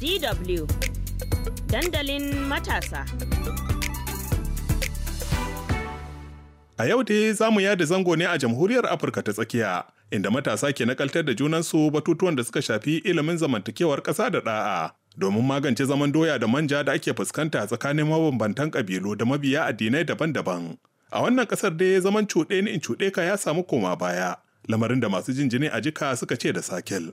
DW dandalin matasa. A yau dai za mu yada zango ne a Jamhuriyar Afirka ta tsakiya, inda matasa ke nakaltar da junansu batutuwan da suka shafi ilimin zamantakewar ƙasa da ɗa'a. Domin magance zaman doya da manja da ake fuskanta tsakanin mabambantan ƙabilu da mabiya addinai daban-daban. A wannan ƙasar dai zaman cuɗe ni in cuɗe ka ya samu koma baya, lamarin da masu jin a jika suka ce da sakel.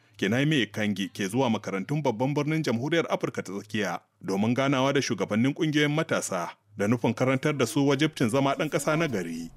Kenai Kangi ke zuwa makarantun babban birnin jamhuriyar Afirka ta tsakiya domin ganawa da shugabannin kungiyoyin matasa da nufin karantar da su wajibcin zama ɗan ƙasa na gari.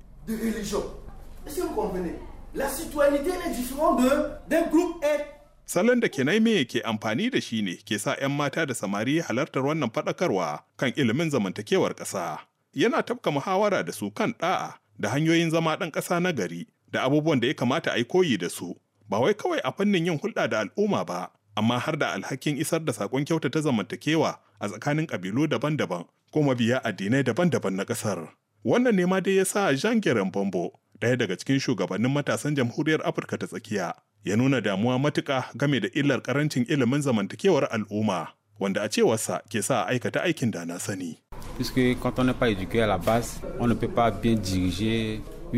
Salon da Kenai ke amfani da shi ne ke sa 'yan mata da samari halartar wannan faɗakarwa kan ilimin zamantakewar ƙasa. Yana tafka muhawara da su kan ɗa'a da hanyoyin zama ɗan ƙasa na gari da abubuwan da ya kamata a yi koyi da su ba wai kawai a fannin yin hulɗa da al'umma ba amma har da alhakin isar da saƙon kyauta ta zamantakewa a tsakanin ƙabilu daban-daban ko mabiya addinai daban-daban na ƙasar wannan ne ma dai ya sa jean geren bombo ɗaya daga cikin shugabannin matasan jamhuriyar afirka ta tsakiya ya nuna damuwa matuƙa game da illar ƙarancin ilimin zamantakewar al'umma wanda a cewarsa ke sa a aikata aikin da na sani. Puisque quand on n'est pas éduqué à la base, on ne peut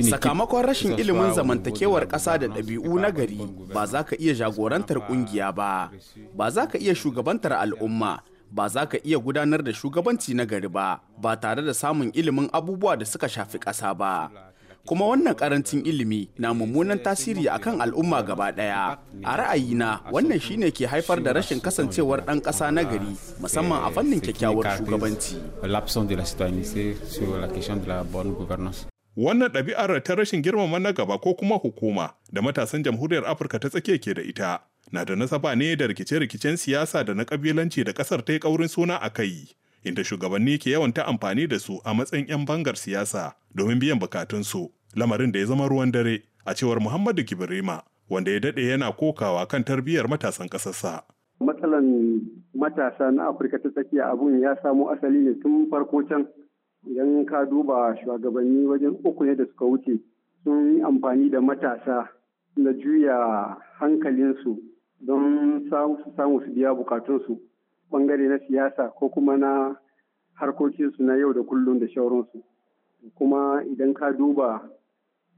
sakamakon rashin ilimin zamantakewar ƙasa da ɗabi'u na gari ba za ka iya jagorantar ƙungiya ba ba za ka iya shugabantar al'umma ba za ka iya gudanar da shugabanci na gari ba ba tare da samun ilimin abubuwa da suka shafi ƙasa ba kuma wannan karancin ilimi na mummunan tasiri akan al'umma gaba ɗaya a ra'ayina wannan shine ke haifar da rashin kasancewar ɗan ƙasa na gari musamman a fannin kyakkyawar shugabanci Wannan ɗabi'ar ta rashin girmama na gaba ko kuma hukuma da matasan jamhuriyar Afirka ta tsakiya ke da ita na da nasaba ne da rikice-rikicen siyasa da na kabilanci da ƙasar ta yi ƙaurin suna a kai, inda shugabanni ke yawan ta amfani da su a matsayin 'yan bangar siyasa domin biyan bukatunsu, lamarin da ya zama ruwan dare a cewar Muhammadu Kibirima, wanda ya daɗe yana kokawa kan tarbiyyar matasan ƙasarsa. Matsalan matasa na Afirka ta tsakiya abun ya samo asali ne tun farko can idan ka duba shugabanni wajen uku ne da suka wuce sun yi amfani da matasa da juya hankalinsu don samu su biya bukatunsu bangare na siyasa ko kuma na harkokinsu na yau da kullum da shauransu kuma idan ka duba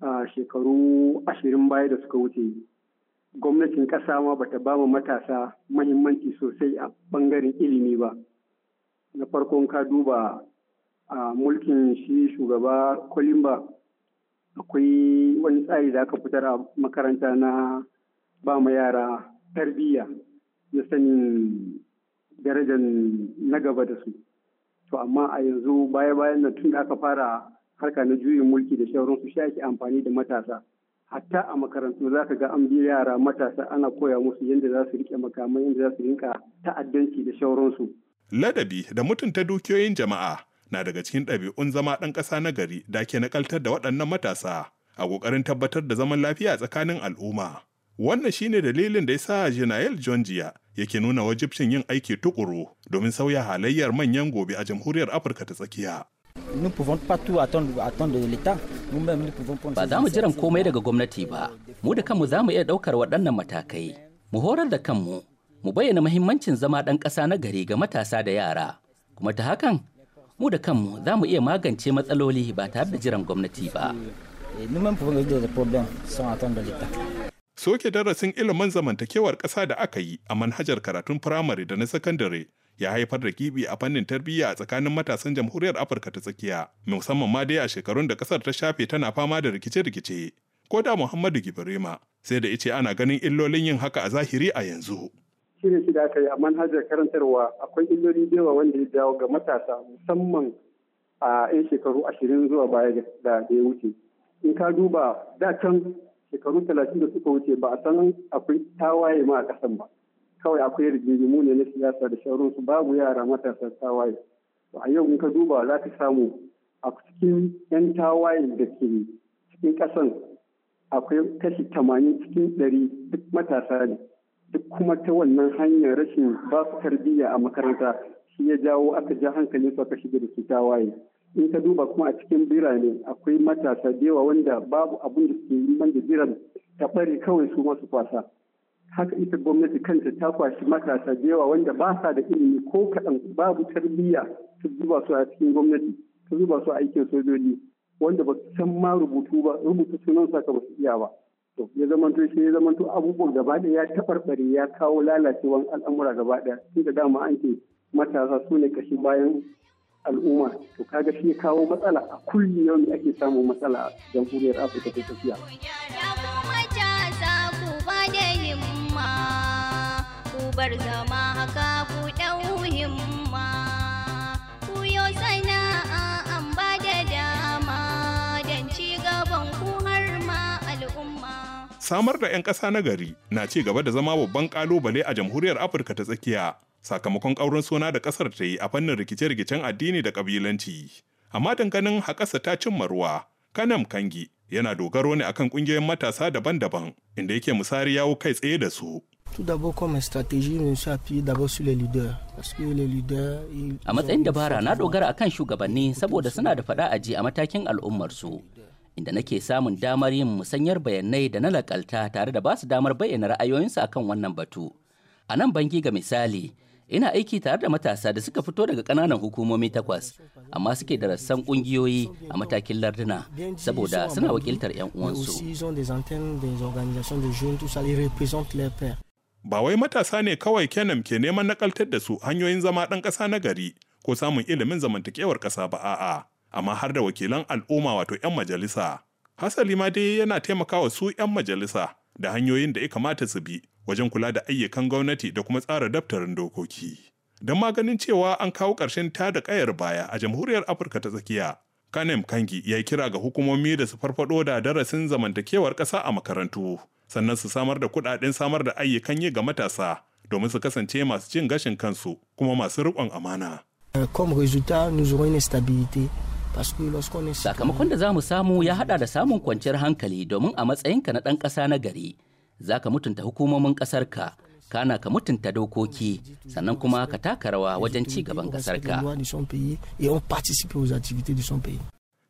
a shekaru ashirin baya da suka wuce gwamnatin ƙasa ma bata ba matasa mahimmanci sosai a bangaren ilimi ba na farkon ka duba a mulkin shi shugaba Kolimba akwai wani tsari da aka fitar a makaranta na ba mu yara tarbiyya na sanin darajar na gaba da su. To amma a yanzu baya-bayan nan tun da aka fara harka na juyin mulki da shauransu shi ake amfani da matasa. hatta a makarantu za ka ga an bi yara matasa ana koya musu yadda za su rike makamai yadda za su rinka ta'addanci da su Ladabi da mutunta dukiyoyin jama'a na daga cikin ɗabi'un zama ɗan ƙasa na gari da ke nakaltar da waɗannan matasa a ƙoƙarin tabbatar da zaman lafiya tsakanin al'umma. Wannan shi ne dalilin da ya sa Janayel Jonjiya yake nuna wajibcin yin aiki tuƙuru domin sauya halayyar manyan gobe a jamhuriyar Afirka ta tsakiya. Ba za mu jiran komai daga gwamnati ba, mu da kanmu za mu iya ɗaukar waɗannan matakai, mu horar da kanmu, mu bayyana mahimmancin zama ɗan ƙasa na gari ga matasa da yara, kuma ta hakan mu da kanmu za mu iya magance matsaloli ba tare da jiran gwamnati ba. Soke darasin ilimin zamantakewar ƙasa da aka yi a manhajar karatun firamare da na sakandare ya haifar da gibi a fannin tarbiyya a tsakanin matasan jamhuriyar Afirka ta tsakiya, musamman ma dai a shekarun da ƙasar ta shafe tana fama da rikice-rikice. Ko da Muhammadu Gibrima sai da ice ana ganin illolin yin haka a zahiri a yanzu. shirye shi da aka yi a manhajar karantarwa akwai illoli da yawa wanda ya jawo ga matasa musamman a 'yan shekaru ashirin zuwa baya da ya wuce in ka duba da can shekaru talatin da suka wuce ba a san akwai tawaye ma a kasan ba kawai akwai rigingimu ne na siyasa da sauransu babu yara matasa tawaye to a yau in ka duba za ka samu a cikin 'yan tawaye da ke cikin kasan akwai kashi tamanin cikin ɗari duk matasa ne duk kuma ta wannan hanyar rashin ba su tarbiyya a makaranta shi ya jawo aka ja hankalin su aka shiga da su waye. in ka duba kuma a cikin birane akwai matasa da yawa wanda babu abin da suke yi man da biran ta bari kawai su masu kwasa haka ita gwamnati kanta ta kwashi matasa da yawa wanda ba sa da ilimi ko kaɗan babu tarbiyya ta zuba su a cikin gwamnati ta zuba su a aikin sojoji wanda ba su san ma rubutu ba rubutu sunan saka ba su iya ba to ya zamanto shi ya zamanto abubuwan gaba ɗaya ya taɓarɓare ya kawo lalacewan al'amura gaba ɗaya tun da dama an ce matasa su ne kashi bayan al'umma to kaga shi ya kawo matsala a kulli yau ake samun matsala a jamhuriyar afirka ta tafiya. Ku bar zama haka ku ɗau himma. samar da 'yan ƙasa na gari na ci gaba da zama babban ƙalubale a jamhuriyar Afirka ta tsakiya sakamakon ƙaurin suna da ƙasar ta yi a fannin rikice-rikicen addini da ƙabilanci. Amma danganin haƙasa ta cimma ruwa, Kanam Kangi yana dogaro ne akan ƙungiyoyin matasa daban-daban inda yake musari yawo kai tsaye da su. A matsayin dabara na dogara akan shugabanni saboda suna da faɗa aji a matakin al'ummarsu. inda nake samun damar yin musanyar bayanai da na lakalta tare da basu damar bayyana ra'ayoyinsu akan wannan batu. A nan bangi ga misali, ina aiki tare da matasa da suka fito daga ƙananan hukumomi takwas, amma suke da rassan ƙungiyoyi a matakin larduna saboda suna wakiltar 'yan uwansu. Ba wai matasa ne kawai Kenan ke neman nakaltar da su hanyoyin zama ɗan ƙasa na gari ko samun ilimin zamantakewar ƙasa ba a'a. amma har da wakilan al'umma wato 'yan majalisa. Hasali ma dai yana taimakawa su 'yan majalisa da hanyoyin da ya kamata su bi wajen kula da ayyukan gwamnati da kuma tsara daftarin dokoki. Don maganin cewa an kawo ƙarshen ta da ƙayar baya a jamhuriyar Afirka ta tsakiya, Kanem Kangi ya yi kira ga hukumomi da su farfaɗo da darasin zamantakewar ƙasa a makarantu, sannan su samar da kuɗaɗen samar da ayyukan yi ga matasa domin su kasance masu cin gashin kansu kuma masu riƙon amana. Euh, comme résultat, nous aurons une stabilité sakamakon da za mu samu ya hada da samun kwanciyar hankali domin a matsayinka na ɗan ƙasa na gari za ka mutunta hukumomin ƙasarka kana ka mutunta dokoki sannan kuma ka taka rawa wajen ci gaban ƙasarka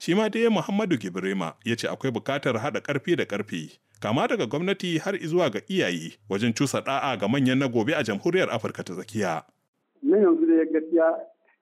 shi ma dai muhammadu gibrima ya ce akwai bukatar haɗa ƙarfi da ƙarfi kama daga gwamnati har zuwa ga iyaye wajen cusa ɗa'a ga manyan na gobe a jamhuriyar afirka ta tsakiya. nan yanzu da gaskiya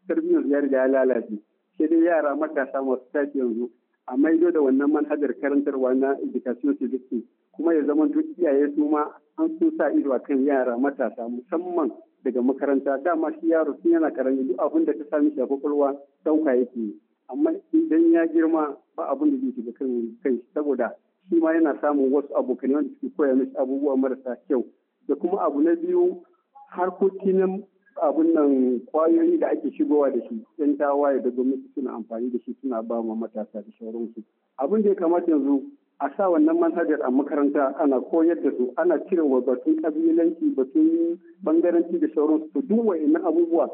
ƙarfin ya ya lalace sai dai yara matasa masu tafi yanzu a maido da wannan manhajar karantarwa na education civics kuma ya zama duk iyaye su ma an sun sa ido a kan yara matasa musamman daga makaranta dama shi yaro sun yana karami duk abin da ta sami shi a kwakwalwa sauka yake amma idan ya girma ba abin da zai shiga kan kai saboda shi ma yana samun wasu abokanai wanda suke koya mishi abubuwa marasa kyau da kuma abu na biyu harkoki na abun nan kwayoyi da ake shigowa da shi yan tawaye da gwamnati suna amfani da shi suna ba ma matasa da sauransu abin da ya kamata yanzu a sa wannan manhajar a makaranta ana koyar da su ana cire wa batun kabilanci batun bangaranci da sauransu to duk wa'annan abubuwa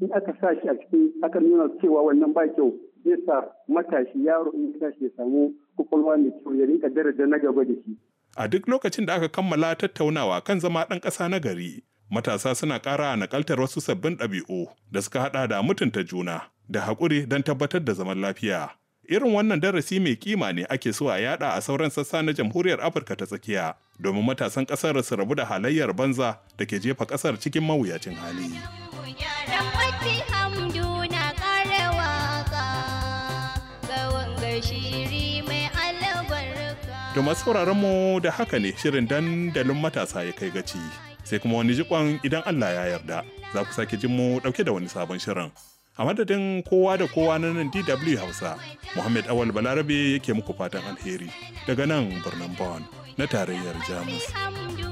in aka sa shi a cikin aka nuna cewa wannan ba kyau zai sa matashi yaro in tashi ya samu kwakwalwa mai kyau ya rinka daraja na gaba da shi a duk lokacin da aka kammala tattaunawa kan zama ɗan ƙasa na gari matasa suna ƙara a nakaltar wasu sabbin ɗabi'u da suka haɗa da mutunta juna da haƙuri don tabbatar da zaman lafiya. Irin wannan darasi mai kima ne ake so a yada a sauran sassa na jamhuriyar Afirka ta tsakiya domin matasan ƙasar su rabu da halayyar banza da ke jefa ƙasar cikin mawuyacin hali. Da masu mu da haka ne shirin dandalin matasa ya kai gaci. sai kuma wani jikon idan Allah ya yarda za ku sake jin mu dauke da wani sabon shirin. A madadin kowa da kowa na nan DW Hausa, Muhammad Awal Balarabe yake muku fatan alheri daga nan birnin Bonn na tarayyar Jamus.